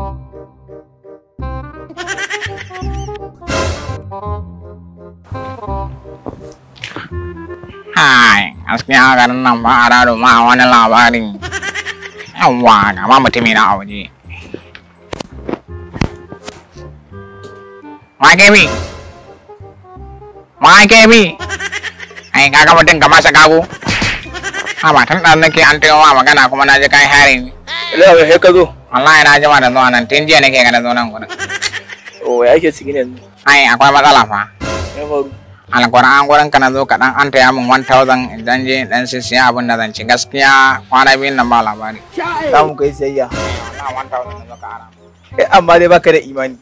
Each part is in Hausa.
Hai, gaskiya garin nan ba a raro ma wani labarin. Yawwa, ga ma mutumi na waje. Magemi! Magemi! Ai, kaga mutum ka masa kago? A matan ɗan nake an taimaka magana kuma na ji kai harin. Ila, ka zo. wallahi na jima da zuwa nan tun jiya nake ganin zo nan gurin o oh, ya ke cikin yanzu ai akwai matsala fa ya faru alkur'an gurin ka na zo kaɗan an taya min 1000 idan je dan sai siya abin da zan ci gaskiya kwana biyun nan ba labari za mu kai siyayya eh amma dai baka da imani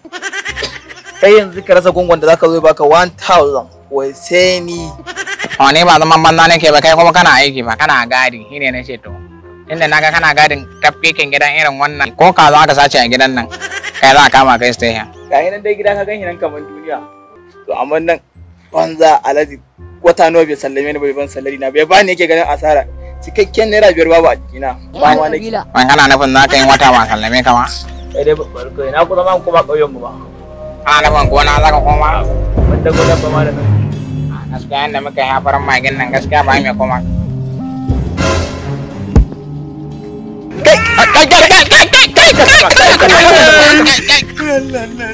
kai yanzu ka rasa gungun da zaka zo baka 1000 wai sai ni a ne ba zaman banza ke ba kai kuma kana aiki ba kana gadi shine na ce to inda na ga kana gadin tafkekin gidan irin wannan ko ka za ka sace a gidan nan kai za ka kama kai stay ha ga nan dai gida ka gani nan kaman duniya to amma nan banza alaji wata nawa bai sallame ni bai ban sallari na bai ba ni yake ganin asara cikakken naira biyar babu a jikina ba wani kila ban kana nufin za ka yi wata ba sallame kama sai dai barko na kuma ma kuma kauyen mu ba ana nufin gona za ka koma wanda gona ba ma da nan gaskiya yanda muka yi hafarin magin nan gaskiya ba mai koma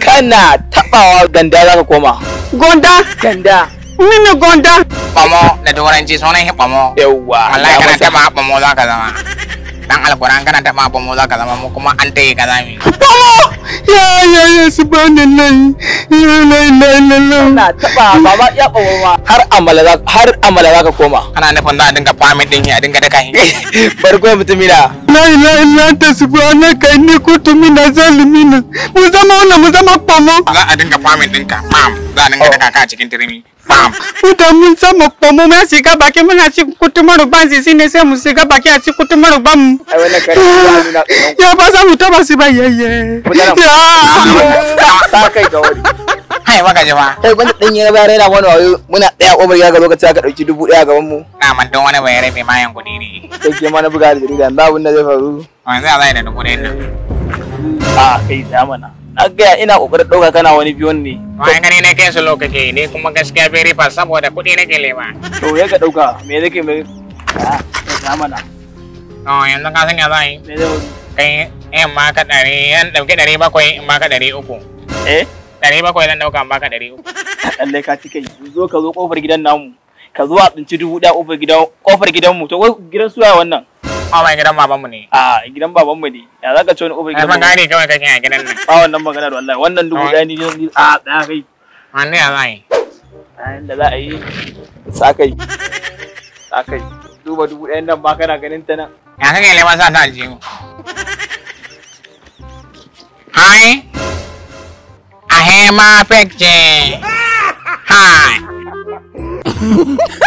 kana tabawa ganda za ka koma gonda ganda mini gonda kwamo da turanci sunan shi kwamo yauwa wallahi kana taba kwamo za ka zama dan alquran kana ta ma mu za ka zama mu kuma an tayi kaza mi ya ya ya subhanallahi ya la ilaha illallah na taba baba ya bawa har amala za har amala za ka koma ana nufin za a dinga famin din a dinga daka hin barko mutumi da la ilaha illallah ta subhanaka inni kuntu minaz zalimin mu zama wannan mu zama kwamo za a dinga famin dinka mam za a dinga oh. daka ka cikin tirimi Udamun sama pomo mai shiga baki muna ci kutumar ubansi shi ne sai mu shiga baki a ci Ya ba za mu taba shi ba yayye. Ta kai ga wani. Hai maka jama. Kai wanda dan yana bayar yana wani wayo muna tsaya kobar ya ga lokaci aka dubu daya gaban mu. Na man don wani bayar mai mayan kuɗi ne. Kai ke mana buga da jarida yanzu abin da zai faru. Wanzu a zai da dubu A Agaya ina kokarin dauka kana wani biyon ne ai gani ne kai su lokaci ne kuma gaskiya bai rifa saboda kuɗi ke lema to ya ga dauka me nake mai ah, ya na? oh yanzu ka san ya zai kai eh ma ka dare yan dauke dare bakwai ma ka dare uku eh dare bakwai zan dauka ma ka dare uku lalle ka ci kai zo ka zo kofar gidan namu ka zo a tsinci dubu da kofar gidan kofar gidan mu to gidan suya wannan Mama gidan babanmu ne. A ah, gidan babanmu ne. Ya zaka ce wani ofis gidan. Ban gane kawai kake a gidan nan. Ba wannan magana da wallahi wannan dubu da ne ni a tsaya kai. wannan ya zai? Ayan da za a yi sakai. Sakai. Duba dubu ɗayan nan ba kana ganin ta nan. Ya kake neman sa ta aljihu. Hi. I have my picture. Hi.